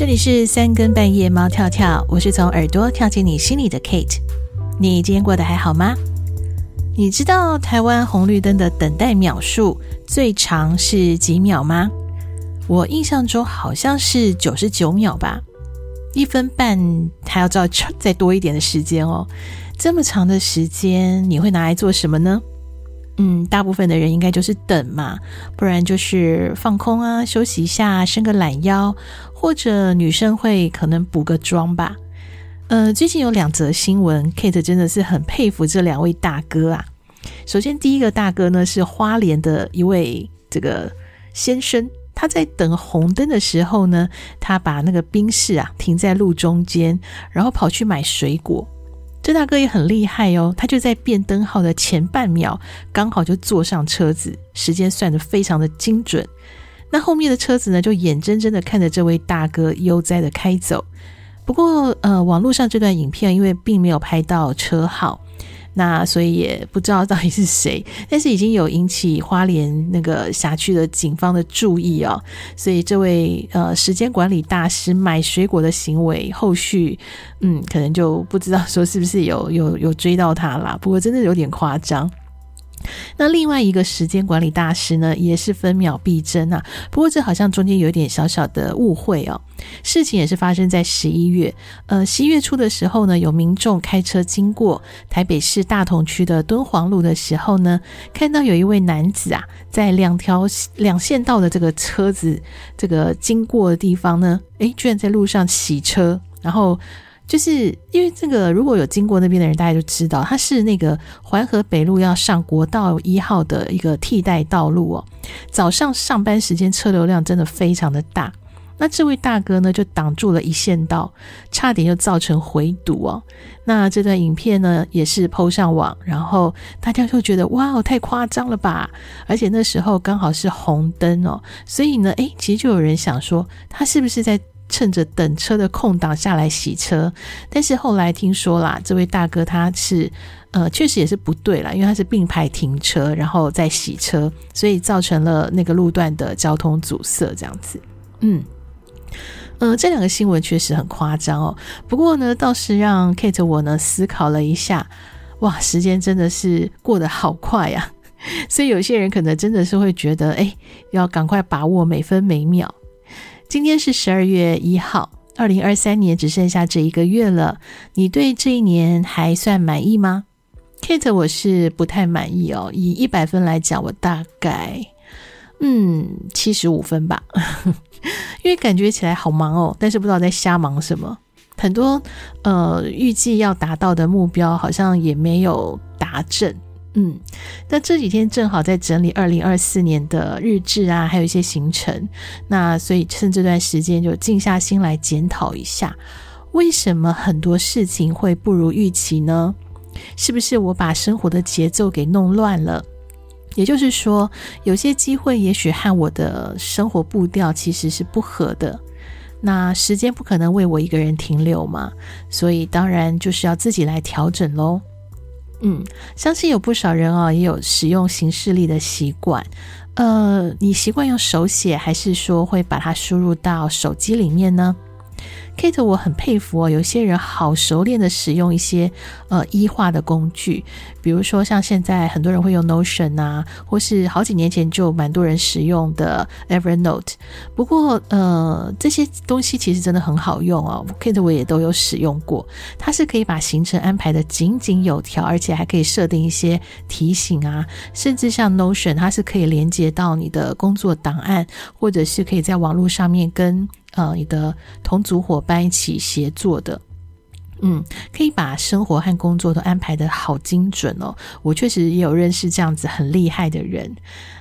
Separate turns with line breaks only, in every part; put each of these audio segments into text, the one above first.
這裡是三更半夜，貓跳跳，我是從耳朵跳進你心裡的 Kate。你今天過得還好嗎？你知道台灣紅綠燈的等待秒數最長是幾秒嗎？我印象中好像是九十九秒吧，一分半還要照，再多一點的時間哦。這麼長的時間，你會拿來做什麼呢？嗯，大部分的人應該就是等嘛，不然就是放空啊，休息一下，伸個懶腰，或者女生會可能補個妝吧。呃，最近有兩則新聞，Kate 真的是很佩服這兩位大哥啊。首先第一個大哥呢是花蓮的一位這個先生，他在等紅燈的時候呢，他把那個賓士啊停在路中間，然後跑去買水果。這大哥也很厲害哦，他就在變燈號的前半秒，剛好就坐上車子，時間算得非常的精準。那後面的車子呢，就眼睜睜的看着這位大哥悠哉的開走。不過，呃，網絡上這段影片因為並沒有拍到車號。那所以也不知道到底是誰，但是已經有引起花蓮那個轄區的警方的注意哦。所以這位呃時間管理大師買水果的行為，後續嗯可能就不知道說是不是有有有追到他啦，不過真的有點誇張。那另外一個時間管理大師呢，也是分秒必爭啊。不過這好像中間有一點小小的誤會哦。事情也是發生在十一月，呃，十一月初的時候呢，有民眾開車經過台北市大同區的敦煌路的時候呢，看到有一位男子啊，在兩條兩線道的這個車子這個經過的地方呢，誒，居然在路上洗車，然後。就是因為這個，如果有經過那邊的人，大家就知道它是那個環河北路要上國道一號的一個替代道路哦。早上上班時間車流量真的非常的大，那這位大哥呢就擋住了一線道，差點又造成回堵哦。那這段影片呢也是 PO 上網，然後大家就覺得哇，哦，太誇張了吧！而且那時候剛好是紅燈哦，所以呢，誒，其實就有人想說他是不是在。趁着等車的空檔下來洗車，但是後來聽說啦，這位大哥他是呃，確實也是不對啦，因為他是並排停車，然後再洗車，所以造成了那個路段的交通阻塞，這樣子。嗯，呃，這兩個新聞確實很誇張哦。不過呢，倒是讓 Kate 我呢思考了一下，哇，時間真的是過得好快呀，啊！ 所以有些人可能真的是會覺得，哎，要趕快把握每分每秒。今天是十二月一號，二零二三年只剩下這一個月了。你對這一年還算滿意嗎？Kate，我是不太滿意哦。以一百分來講，我大概嗯七十五分吧， 因為感覺起來好忙哦，但是不知道在瞎忙什麼。很多呃預計要達到的目標好像也沒有達成。嗯，那這幾天正好在整理二零二四年的日誌啊，還有一些行程。那所以趁這段時間就靜下心來檢討一下，為什麼很多事情會不如預期呢？是不是我把生活的節奏給弄亂了？也就是說，有些機會也許和我的生活步調其實是不合的。那時間不可能為我一個人停留嘛，所以當然就是要自己來調整嘍。嗯，相信有不少人哦，也有使用行事曆的習慣。呃，你習慣用手寫，還是說會把它輸入到手機裡面呢？Kate，我很佩服哦，有些人好熟練的使用一些，呃醫化的工具。比如說，像現在很多人會用 Notion 啊，或是好幾年前就蠻多人使用的 Evernote。不過，呃，這些東西其實真的很好用哦，啊。Kate 我也都有使用過，它是可以把行程安排得井井有條，而且還可以設定一些提醒啊。甚至像 Notion，它是可以連接到你的工作檔案，或者是可以在網絡上面跟呃你的同組夥伴一起協作的。嗯，可以把生活和工作都安排得好精準哦。我確實也有認識這樣子很厲害的人。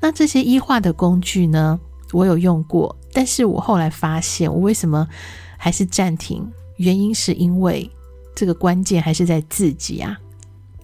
那這些醫化的工具呢，我有用過，但是我後來發現，我為什麼還是暫停？原因是因為這個關鍵還是在自己啊。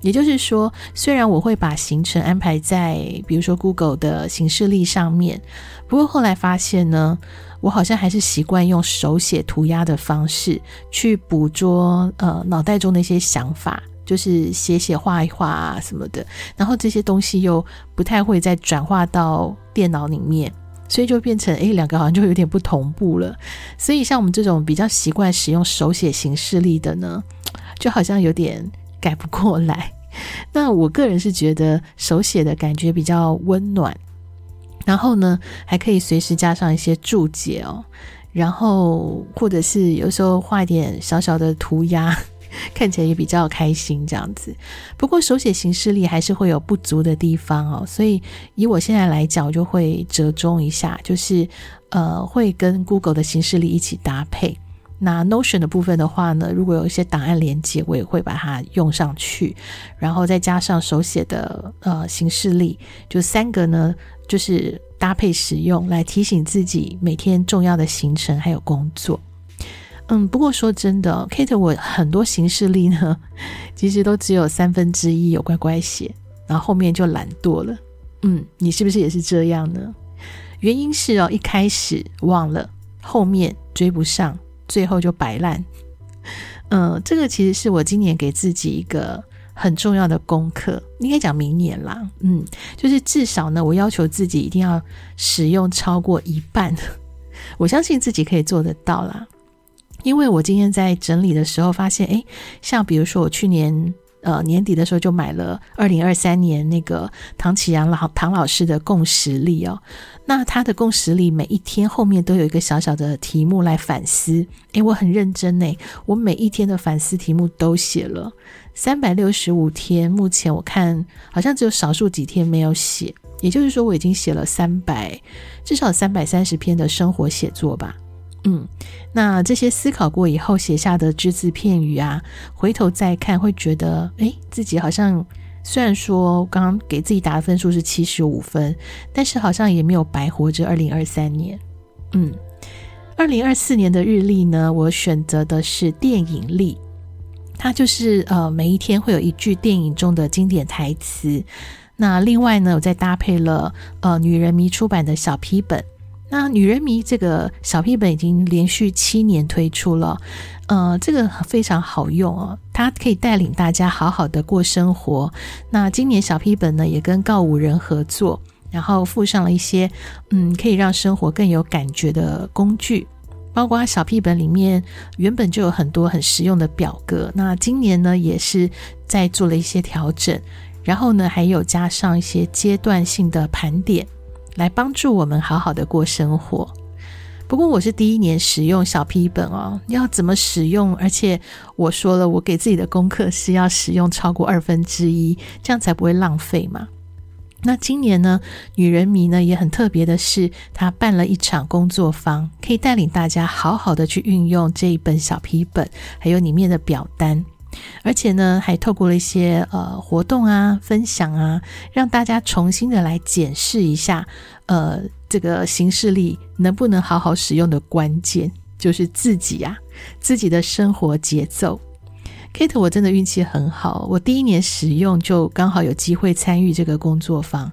也就是說，雖然我會把行程安排在比如說 Google 的行事曆上面，不過後來發現呢，我好像還是習慣用手寫塗鴉的方式去捕捉呃腦袋中的一些想法，就是寫寫畫一畫啊什麼的，然後這些東西又不太會再轉化到電腦裡面，所以就變成誒兩個好像就有點不同步了。所以像我們這種比較習慣使用手寫行事曆的呢，就好像有點。改不過來，那我個人是覺得手寫的感覺比較溫暖，然後呢，還可以隨時加上一些注解哦，然後或者是有時候畫一點小小的塗鴉，看起來也比較開心這樣子。不過手寫行事曆還是會有不足的地方哦，所以以我現在來講，我就會折中一下，就是呃，會跟 Google 的行事曆一起搭配。那 Notion 的部分的話呢，如果有一些檔案連接，我也會把它用上去，然後再加上手寫的呃行事曆，就三個呢，就是搭配使用來提醒自己每天重要的行程還有工作。嗯，不過說真的，Kate，我很多行事曆呢，其實都只有三分之一有乖乖寫，然後後面就懶惰了。嗯，你是不是也是這樣呢？原因是哦，一開始忘了，後面追不上。最後就白爛，嗯，這個其實是我今年給自己一個很重要的功課，應該講明年啦，嗯，就是至少呢，我要求自己一定要使用超過一半，我相信自己可以做得到啦，因為我今天在整理的時候發現，誒，像比如說我去年。呃，年底的時候就買了二零二三年那個唐啟陽、老唐老師的共識力哦，那他的共識力每一天後面都有一個小小的題目來反思，誒，我很認真呢，我每一天的反思題目都寫了三百六十五天，目前我看好像只有少數幾天沒有寫，也就是說我已經寫了三百，至少三百三十篇的生活寫作吧。嗯，那這些思考過以後寫下的只字片語啊，回頭再看會覺得，哎、欸，自己好像雖然說剛剛給自己打的分數是七十五分，但是好像也沒有白活着二零二三年。嗯，二零二四年的日曆呢，我選擇的是電影曆，它就是呃，每一天會有一句電影中的經典台詞。那另外呢，我再搭配了呃，女人迷出版的小批本。那《女人迷》這個小屁本已經連續七年推出了，呃，這個非常好用哦，它可以帶領大家好好的過生活。那今年小屁本呢也跟告五人合作，然後附上了一些嗯可以讓生活更有感覺的工具，包括小屁本裡面原本就有很多很實用的表格，那今年呢也是在做了一些調整，然後呢還有加上一些階段性的盤點。來幫助我們好好的過生活。不過我是第一年使用小皮本哦，要怎麼使用？而且我說了，我給自己的功課是要使用超過二分之一，2, 這樣才不會浪費嘛。那今年呢，女人迷呢也很特別的是，她辦了一場工作坊，可以帶領大家好好的去運用這一本小皮本，還有裡面的表單。而且呢，還透過了一些呃活動啊、分享啊，讓大家重新的來檢視一下，呃，這個行事曆，能不能好好使用的關鍵就是自己呀、啊，自己的生活節奏。Kate，我真的運氣很好，我第一年使用就剛好有機會參與這個工作坊。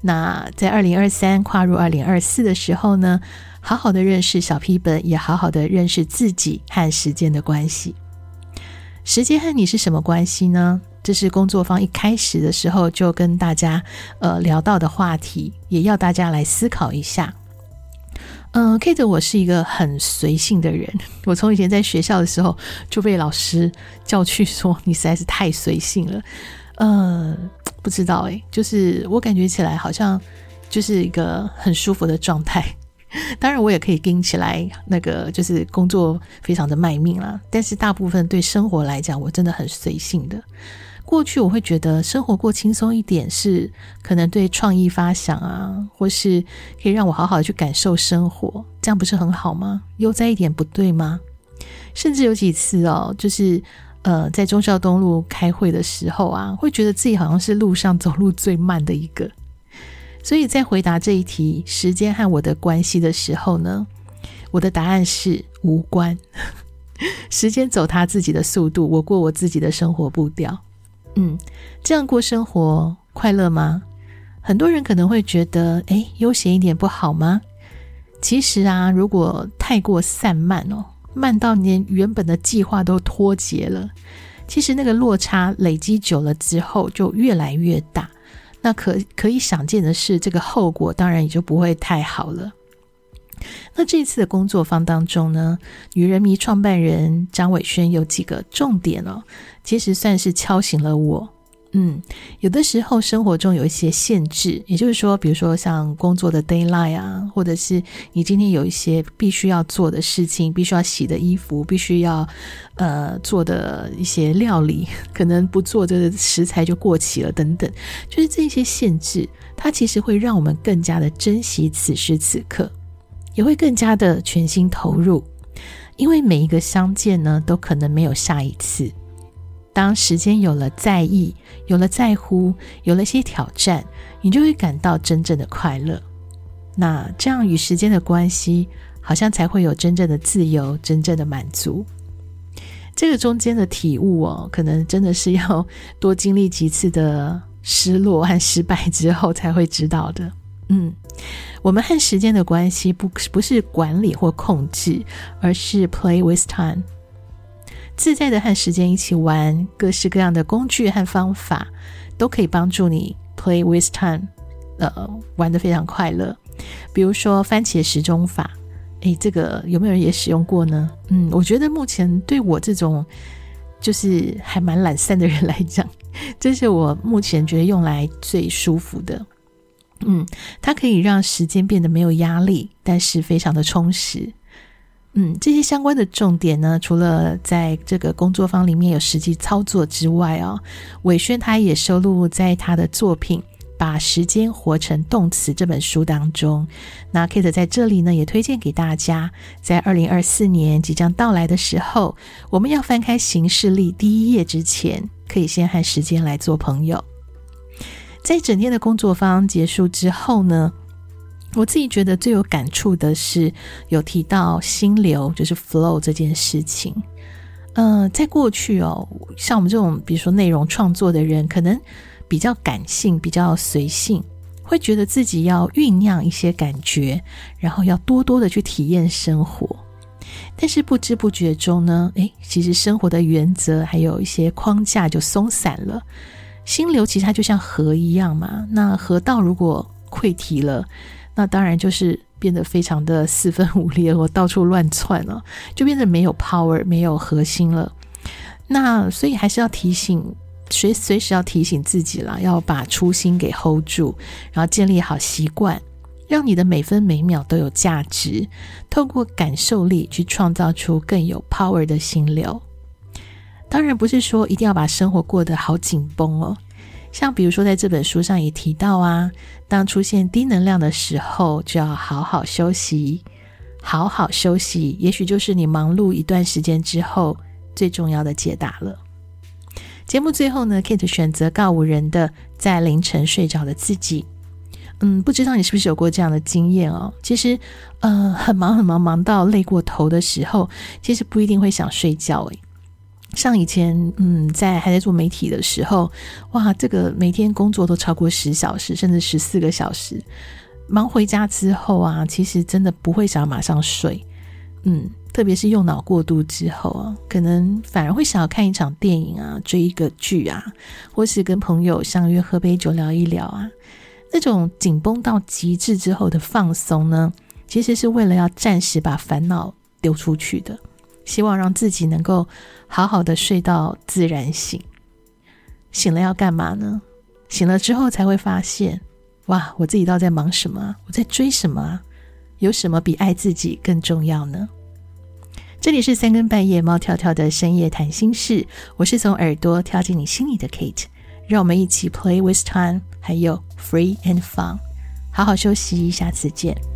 那在二零二三跨入二零二四的時候呢，好好的認識小 P 本，也好好的認識自己和時間的關係。時間和你是什麼關係呢？這是工作坊一開始的時候就跟大家呃聊到的話題，也要大家來思考一下。嗯、呃，Kate，我是一個很隨性的人，我從以前在學校的時候就被老師叫去說，你實在是太隨性了。嗯、呃，不知道誒、欸，就是我感覺起來好像就是一個很舒服的狀態。當然，我也可以拎起來，那個就是工作非常的賣命啦，但是大部分對生活來講，我真的很隨性的。過去我會覺得生活過輕鬆一點，是可能對創意發想啊，或是可以讓我好好的去感受生活，這樣不是很好嗎？悠哉一點不對嗎？甚至有幾次哦，就是呃，在忠孝東路開會的時候啊，會覺得自己好像是路上走路最慢的一個。所以在回答這一題時間和我的關係的時候呢，我的答案是無關。 時間走它自己的速度，我過我自己的生活步調。嗯，這樣過生活快樂嗎？很多人可能會覺得，哎，悠閒一點不好嗎？其實啊，如果太過散漫哦，慢到連原本的計劃都脫節了，其實那個落差累積久了之後，就越來越大。那可可以想見的是，這個後果當然也就不會太好了。那這次的工作坊當中呢，女人迷創辦人張瑋軒有幾個重點哦，其實算是敲醒了我。嗯，有的時候生活中有一些限制，也就是說，比如說像工作的 daylight 啊，或者是你今天有一些必須要做的事情，必須要洗的衣服，必須要呃做的一些料理，可能不做這個食材就過期了，等等，就是這些限制，它其實會讓我們更加的珍惜此時此刻，也會更加的全心投入，因為每一個相見呢，都可能沒有下一次。當時間有了在意，有了在乎，有了些挑戰，你就會感到真正的快樂。那這樣與時間的關係，好像才會有真正的自由，真正的滿足。這個中間的體悟哦，可能真的是要多經歷幾次的失落和失敗之後才會知道的。嗯，我們和時間的關係不不是管理或控制，而是 play with time。自在的和時間一起玩，各式各樣的工具和方法都可以幫助你 play with time，呃，玩得非常快樂。比如說番茄時鐘法，誒，這個有沒有人也使用過呢？嗯，我覺得目前對我這種就是還蠻懶散的人來講，這是我目前覺得用來最舒服的。嗯，它可以讓時間變得沒有壓力，但是非常的充實。嗯，這些相關的重點呢，除了在這個工作坊裡面有實際操作之外哦，瑋軒他也收錄在他的作品《把時間活成動詞》這本書當中。那 Kate 在這裡呢，也推薦給大家，在二零二四年即將到來的時候，我們要翻開行事曆第一頁之前，可以先和時間來做朋友。在整天的工作坊結束之後呢，我自己覺得最有感觸的是有提到心流，就是 flow 這件事情。嗯、呃，在過去哦，像我們這種比如說內容創作的人，可能比較感性、比較隨性，會覺得自己要醞釀一些感覺，然後要多多的去體驗生活。但是不知不覺中呢，誒，其實生活的原則還有一些框架就鬆散了。心流其實它就像河一樣嘛，那河道如果潰堤了。那當然就是變得非常的四分五裂，或到處亂竄了，就變得沒有 power，沒有核心了。那所以還是要提醒，隨隨時要提醒自己啦，要把初心給 hold 住，然後建立好習慣，讓你的每分每秒都有價值，透過感受力去創造出更有 power 的心流。當然不是說一定要把生活過得好緊繃哦。像比如說，在這本書上也提到啊，當出現低能量的時候，就要好好休息，好好休息，也許就是你忙碌一段時間之後最重要的解答了。節目最後呢，Kate 選擇告五人的在凌晨睡着的自己。嗯，不知道你是不是有過這樣的經驗哦？其實，嗯、呃，很忙很忙，忙到累過頭的時候，其實不一定會想睡覺誒。像以前，嗯，在還在做媒體的時候，哇，這個每天工作都超過十小時，甚至十四個小時，忙回家之後啊，其實真的不會想要馬上睡，嗯，特別是用腦過度之後啊，可能反而會想要看一場電影啊，追一個劇啊，或是跟朋友相約喝杯酒聊一聊啊，那種緊繃到極致之後的放鬆呢，其實是為了要暫時把煩惱丟出去的。希望讓自己能夠好好的睡到自然醒。醒了要幹嘛呢？醒了之後才會發現，哇，我自己到底在忙什麼？我在追什麼？有什麼比愛自己更重要呢？這裡是三更半夜，貓跳跳的深夜談心室。我是從耳朵跳進你心裡的 Kate，讓我們一起 Play with time，還有 Free and fun，好好休息，下次見。